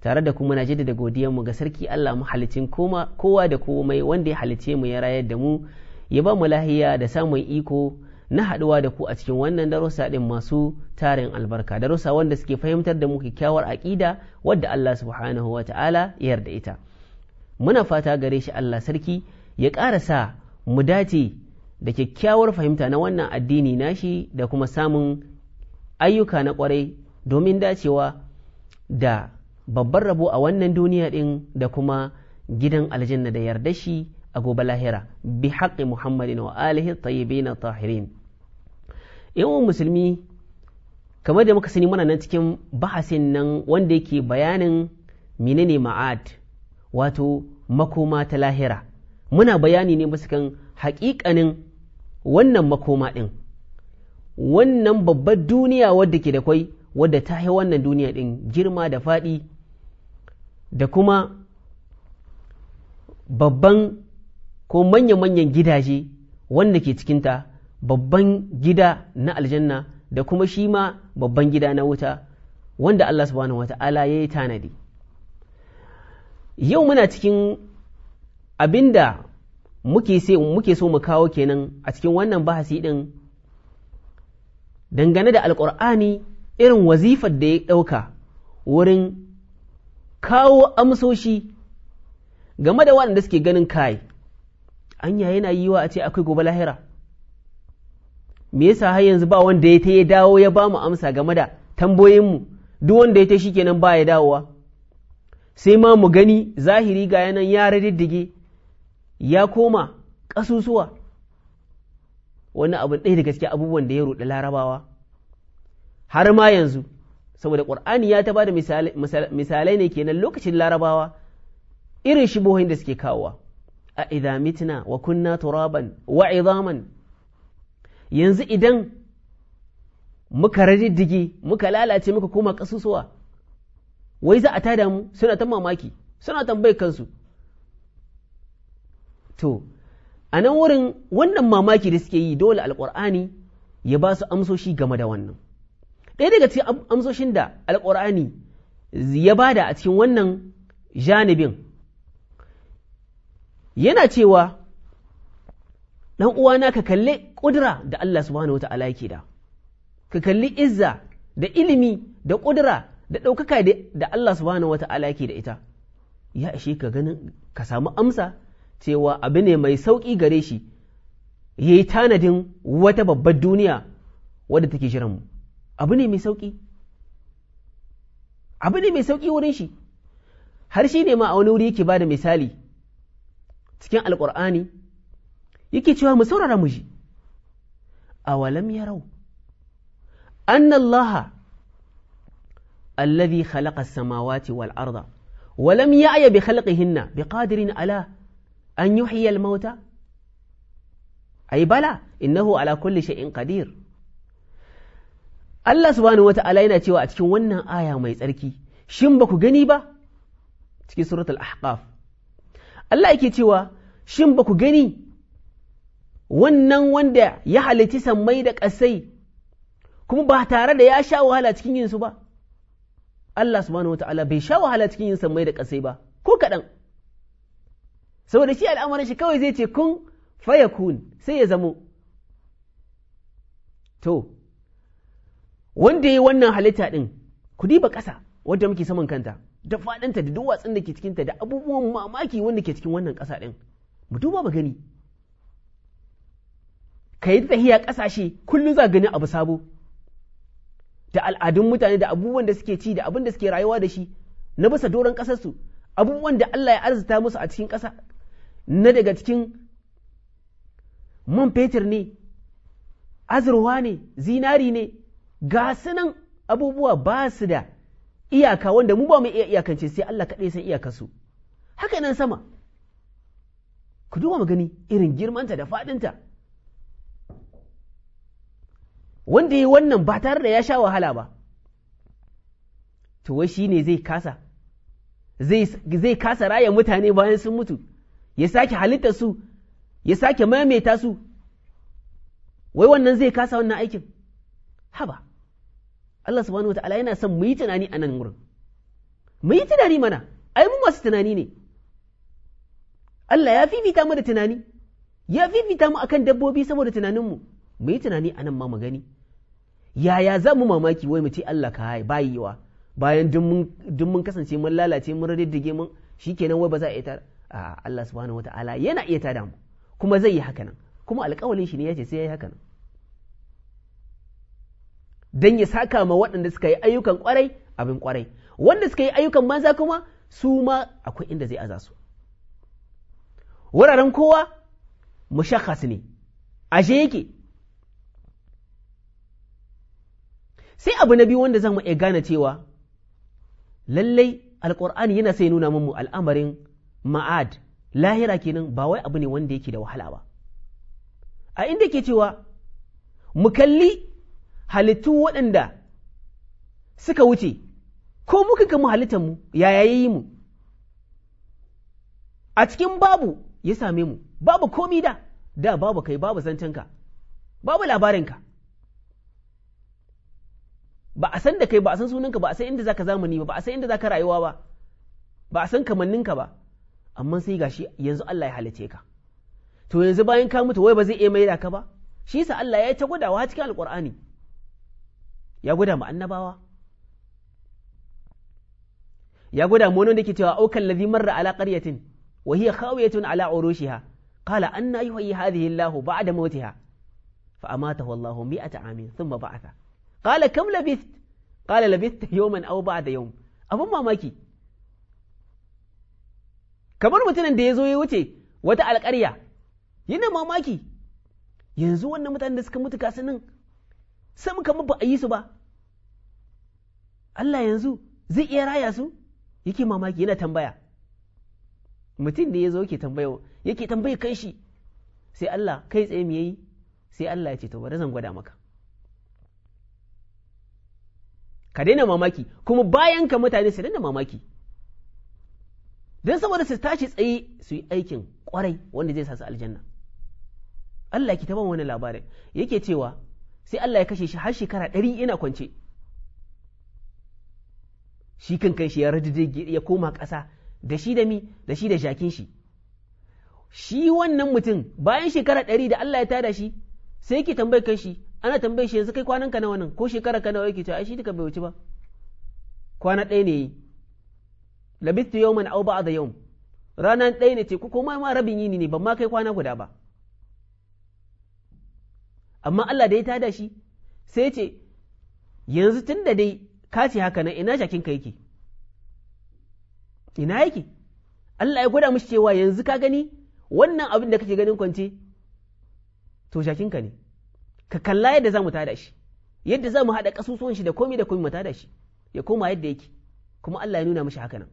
tare da kuma naje da godiyar mu ga sarki Allah mu halicin kowa da komai wanda ya halice mu ya rayar da mu ya ba mu lahiya da samun iko na haduwa da ku a cikin wannan darussa din masu tarin albarka darussa wanda suke fahimtar da mu kyakkyawar aƙida wadda Allah subhanahu wa ta'ala ya yarda ita muna fata gare shi Allah sarki ya karasa mu dace da kyakkyawar fahimta na wannan addini nashi da kuma samun ayyuka na kwarai domin dacewa da babban rabo a wannan duniya ɗin da kuma gidan aljanna da yarda shi a gobe lahira bi haƙƙi muhammadin wa alihi tayyibin tahirin yawan musulmi kamar da muka sani muna nan cikin bahasin nan wanda yake bayanin menene ma'ad wato makoma ta lahira muna bayani ne musu kan haƙiƙanin wannan makoma ɗin wannan babbar duniya wadda ke da kwai wadda ta yi wannan duniya ɗin girma da faɗi da kuma babban ko manya-manyan gidaje wanda ke cikinta babban gida na aljanna da kuma shi ma babban gida na wuta wanda Allah subhanahu ta'ala ya yi tanadi yau muna cikin abinda muke muke so mu kawo kenan a cikin wannan bahasi din dangane da alƙur'ani irin wazifar da ya ɗauka wurin kawo amsoshi game da waɗanda suke ganin kai anya yana yiwa a ce akwai gobe lahira me yasa har yanzu ba wanda ya ta ya dawo ya ba mu amsa game da tambayoyinmu duk wanda ya ta shi kenan ba ya dawowa sai ma mu gani zahiri ga yanan ya radiddige ya koma ƙasusuwa wani abu ɗaya da gaske abubuwan da ya ruɗe larabawa har ma yanzu saboda ƙur'ani ya ta bada misalai ne kenan lokacin larabawa irin shibohin da suke kawowa a idha mitna wa kunna turaban wa idaman yanzu idan muka radiddigi muka lalace muka koma kasusuwa wai za a tada mu suna ta mamaki suna tambayar kansu to a nan wurin wannan mamaki da suke yi dole alƙur'ani ya ba su amsoshi game da wannan ɗaya daga cikin amsoshin da alƙur'ani ya bada a cikin wannan janibin yana cewa ɗan uwana ka kalli ƙudura da Allah subhanahu wa ta'ala yake da ka kalli izza da ilimi da ƙudura da ɗaukaka da Allah subhanahu wa ta'ala yake da ita ya ishe ka ganin ka samu amsa cewa abu ne mai sauƙi gare shi ya yi tanadin wata babbar duniya wadda take shirin mu abu ne mai sauƙi abu ne mai sauƙi wurin shi har shi ne ma a wani wuri yake ba da misali cikin alƙur'ani yake cewa mu saurara mu ji awalam yarau anna allaha alladhi khalaqa as-samawati wal arda ولم يعي بخلقهن بقادر على أن يحيي الموتى أي bala innahu ala kulli شيء قدير Allah subhanahu wata'ala yana cewa a cikin wannan aya mai tsarki shin ba ku gani ba cikin suratul ahqaf Allah yake cewa shin ba ku gani wannan wanda ya halitti sammai da ƙasai kuma ba tare da ya sha wahala cikin yin su ba Allah subhanahu bai sha wahala cikin yin sammai da ƙasai ba ko kaɗan saboda shi al'amarin shi kawai zai ce kun fayakun sai ya zamo to wanda ya wannan halitta ɗin ku diba ƙasa wadda muke saman kanta da faɗinta da duwatsun da ke cikinta da abubuwan mamaki wanda ke cikin wannan ƙasa ɗin mu duba ba gani ka yi tahiya ƙasashe kullum za gani abu sabo da al'adun mutane da abubuwan da suke ci da abin da suke rayuwa da shi na bisa doron ƙasarsu abubuwan da Allah ya arzuta musu a cikin ƙasa na daga cikin man fetur ne azurwa ne zinari ne ga nan abubuwa ba su da iyaka wanda mu ba mu iya iyakance sai Allah kaɗai san iyakarsu haka nan sama ku duba magani irin girmanta da faɗinta wanda yi wannan ba tare da ya sha wahala ba to wai shi ne zai kasa zai kasa raya mutane bayan sun mutu ya sake halitta su ya sake maimaita su wai wannan zai kasa wannan aikin haba Allah subhanahu wataala yana son mu yi tunani a nan wurin mu yi tunani mana ai mu masu tunani ne Allah ya fifita mu da tunani ya fifita mu akan dabbobi saboda tunaninmu mu yi tunani a nan ma mu gani yaya za mu mamaki wai mu ce Allah ka bayiwa bayan duk mun kasance mun lalace mun radiddige mun shikenan wai ba za a iya a Allah subhanahu wataala yana iya tada mu kuma zai yi haka nan kuma alƙawalin shi ne ya ce sai ya yi haka nan don ya saka ma waɗanda suka yi ayyukan kwarai abin kwarai wanda suka yi ayyukan maza kuma su ma akwai inda zai aza su wuraren kowa mushakhas ne ashe yake sai abu na biyu wanda zan mu iya gane cewa lallai alƙur'ani yana sai nuna mu al'amarin ma'ad lahira kenan ba wai abu ne wanda yake da wahala ba a inda ke cewa mu kalli halittu waɗanda suka wuce ko muka gamu halittar mu yaya yayi mu a cikin babu ya same mu babu komi da da babu kai babu zancenka babu labarinka ba a san da kai ba a san sunanka ba a san inda zaka zamani ba ba a san inda zaka rayuwa ba ba a san kamanninka ba amma sai gashi yanzu Allah ya halice ka to yanzu bayan ka mutu wai ba zai iya maida ka ba shi yasa Allah ya yi ta gwadawa cikin alqur'ani ya gwada mu annabawa ya gwada mu wanda ke cewa aukan ladhi marra ala qaryatin wa hiya khawiyatun ala urushiha qala anna yuhyi hadhihi Allah ba'da mawtiha fa amatahu Allah mi'ata amin thumma ba'atha qala kam labith qala labith yawman aw ba'da yawm abun mamaki kamar mutumin da ya zo ya wuce wata alƙarya yana mamaki yanzu wannan mutanen da suka mutu kasanin sam kamar ba a yi su ba Allah yanzu zai iya raya su yake mamaki yana tambaya mutum da ya zo yake tambaya yake tambaya kan shi sai Allah kai tsaye me yayi sai Allah ya ce to bari zan gwada maka ka daina mamaki kuma bayan ka mutane su daina mamaki don saboda su tashi tsaye su yi aikin kwarai wanda zai sa su aljanna Allah ki taba wani labarin yake cewa sai Allah ya kashe shi har shekara ɗari ina kwance shi kan kai shi ya radidage ya koma ƙasa da shi da mi da shi da jakin shi shi wannan mutum bayan shekara ɗari da Allah ya tada shi sai yake tambayar kan shi ana tambayar shi yanzu kai kwanan ka nawa nan ko shekara ka nawa yake cewa ai shi duka bai wuce ba kwana ɗaya ne yi labistu yawman au ba'da yawm ranan ɗaya ne ce ko ma rabin yini ne ban ma kai kwana guda ba amma Allah da ya tada shi sai ce yanzu tun da dai ka ce haka nan ina shakin ka yake ina yake Allah ya gwada mishi cewa yanzu ka gani wannan abin da kake ganin kwance to shakin ka ne ka kalla yadda za mu tada shi yadda za mu haɗa ƙasusuwan shi da komai da komai mu tada shi ya koma yadda yake kuma Allah ya nuna mishi haka nan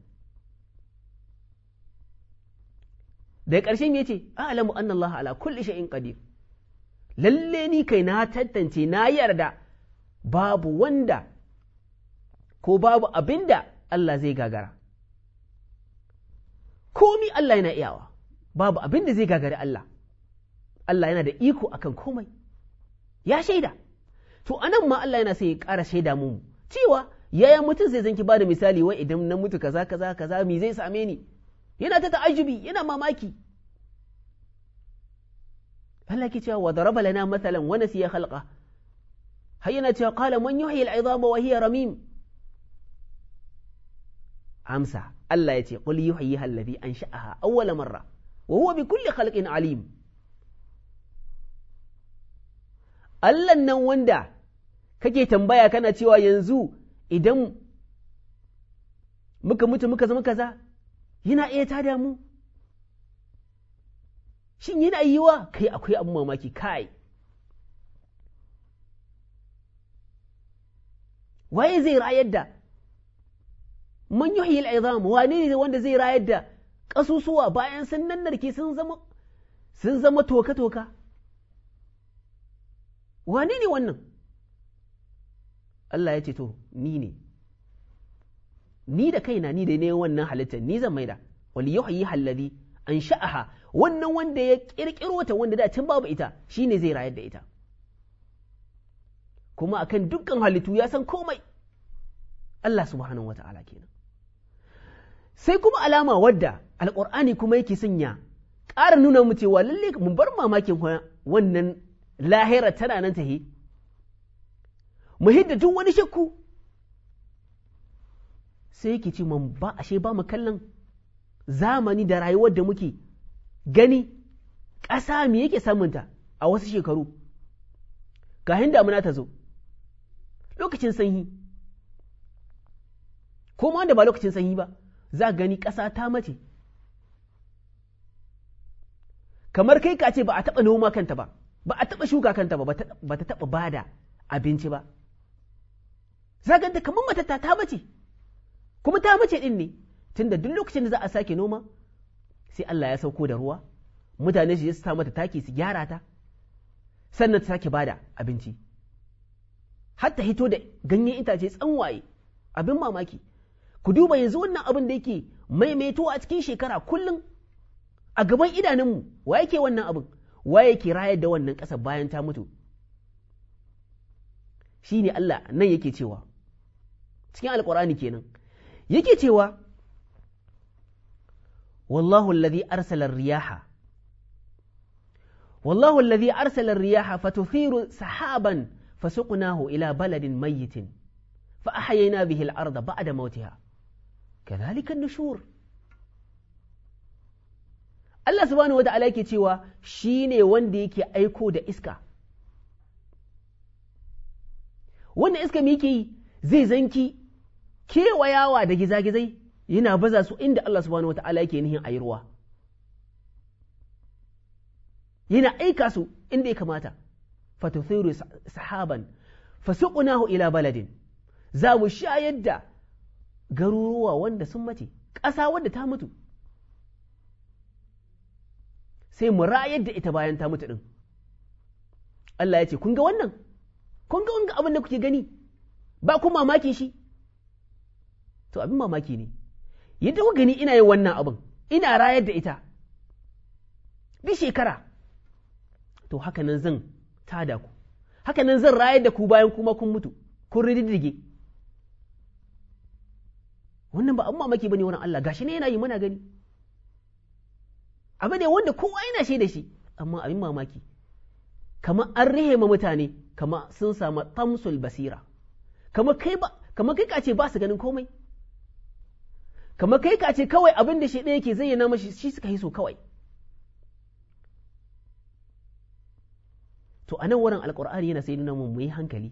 daga ƙarshen ya ce a'lamu anna Allah ala kulli shay'in qadir lalle ni kai na tantance na yarda babu wanda ko babu abinda Allah zai gagara komi Allah yana iyawa babu abinda zai gagari Allah Allah yana da iko akan komai ya shaida to anan ma Allah yana sai ya ƙara shaida mu cewa yaya mutum zai zanki bada misali wai idan na mutu kaza kaza kaza mi zai same ni yana ta ta'ajubi yana mamaki Allah ke cewa wa daraba lana matalan wa nasiya khalqa har yana cewa qala man yuhyi al-'idama wa hiya ramim amsa Allah ya ce qul yuhyiha alladhi ansha'aha awwala marra wa huwa bi kulli khalqin alim Allah nan wanda kake tambaya kana cewa yanzu idan muka mutu muka zama kaza yana iya tada mu shin yana yiwa kai akwai abin mamaki kai waye zai rayar da man yuhyi al'izam wane ne wanda zai rayar da ƙasusuwa bayan sun nannarke sun zama sun zama toka-toka wane ne wannan Allah ya ce to ni ne ni da kaina ni da ne wannan halittar ni zan maida yi halari an sha'aha. wannan wanda ya ƙirƙiro ta wanda da can babu ita shine zai rayar da ita kuma akan dukkan halittu ya san komai Allah subhanahu wata'ala kenan sai kuma alama wadda alƙur'ani kuma yake sanya ƙara nuna mu cewa lalle mu bar mamakin wannan lahira tana nan tahi mu hidda duk wani shakku sai yake ce man ba ashe ba mu kallon zamani da rayuwar da muke gani ƙasa me yake samunta a wasu shekaru Kayan damuna ta zo lokacin sanyi ko ma da ba lokacin sanyi ba za gani ƙasa ta mace kamar kai ka ce ba a taɓa noma kanta ba ba a taɓa shuka kanta ba ba ta taɓa bada abinci ba za ganta kamar matatta ta mace kuma ta mace ɗin ne tunda duk lokacin da za a sake noma sai Allah ya sauko da ruwa mutane su je su sa mata taki su gyara ta sannan ta sake bada abinci Har ta hito da ganyen itace tsanwaye abin mamaki ku duba yanzu wannan abin da yake maimaito a cikin shekara kullum a gaban idanunmu wa yake wannan abin wa yake rayar da wannan ƙasa bayan ta mutu shi ne Allah nan yake cewa cikin alkur'ani kenan yake cewa wallahu alladhi arsala riyaha wallahu alladhi arsala riyaha fatuthiru sahaban fasuqnahu ila baladin mayyitin fa ahyayna bihi al-ardha ba'da mawtiha kadhalika an-nushur Allah subhanahu wata'ala yake cewa shi ne wanda yake aiko da iska. Wannan iska me yake yi zai zanki kewayawa da gizagizai yana baza su inda Allah subhanahu wata'ala yake nihin a ruwa yana aika su inda ya kamata fatuthiru sahaban fasuqnahu ila baladin za mu shayar da garuruwa wanda sun mace ƙasa wanda ta mutu sai mu rayar da ita bayan ta mutu din Allah ya ce kun ga wannan kun ga wanga abin da kuke gani ba ku mamaki shi to abin mamaki ne yadda ku gani ina yin wannan abin ina rayar da ita bi shekara to haka nan zan tada ku haka nan zan rayar da ku bayan kuma kun mutu kun rididdige wannan ba abin mamaki bane wannan Allah gashi ne yana yi muna gani abu ne wanda kowa yana da shi amma abin mamaki kama an rihe ma mutane kama sun samu tamsul basira kama kai ba kama kai kace ba su ganin komai kamar kai ka ce kawai abin da shi ɗaya ke zayyana mashi shi suka yi so kawai to a nan wurin alkur'ani yana sai nuna mu mu yi hankali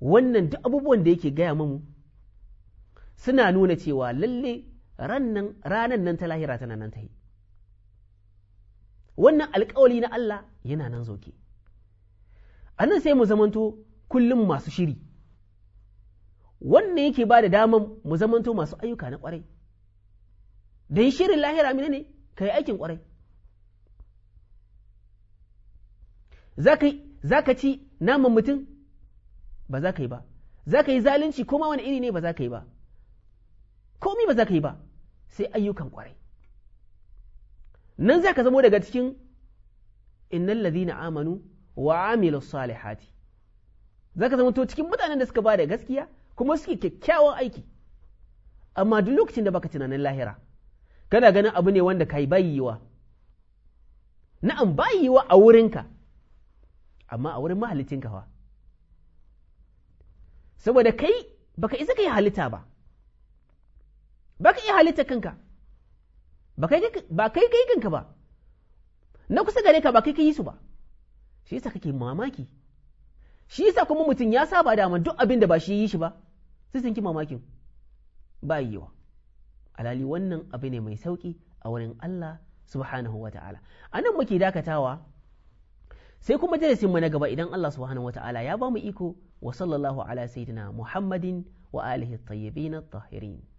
wannan duk abubuwan da yake gaya mamu suna nuna cewa lalle ranan nan ta lahira tana nan ta yi wannan alƙawali na Allah yana nan zoke a nan sai mu zamanto kullum masu shiri wannan yake ba da daman mu zamanto masu ayyuka na kwarai don shirin lahira mine ne ka yi aikin kwarai za ka ci naman mutum ba za ka yi ba za ka yi zalunci ko ma wani iri ne ba za ka yi ba komi ba za ka yi ba sai ayyukan kwarai nan za ka zamo daga cikin inna lazina amanu wa amilu salihati za ka zama cikin mutanen da suka ba da gaskiya kuma suke kyakkyawan aiki amma duk lokacin da baka tunanin lahira kana ganin abu ne wanda kai bayiwa na'am bayiwa a wurinka amma a wurin mahalicinka fa saboda kai baka isa kai halitta ba baka iya halitta kanka ba kai kai kanka ba na kusa gare ka ba kai yi su ba shi yasa kake mamaki shi yasa kuma mutum ya saba da duk abin da ba shi yi shi ba sai sun ki mamakin ba yiwa alali wannan abu ne mai sauki a wurin Allah subhanahu wa ta'ala a nan muke dakatawa sai kuma darasin mu na gaba idan Allah subhanahu wa ta'ala ya ba mu iko wa sallallahu ala sayyidina Muhammadin wa alihi tayyibin at-tahirin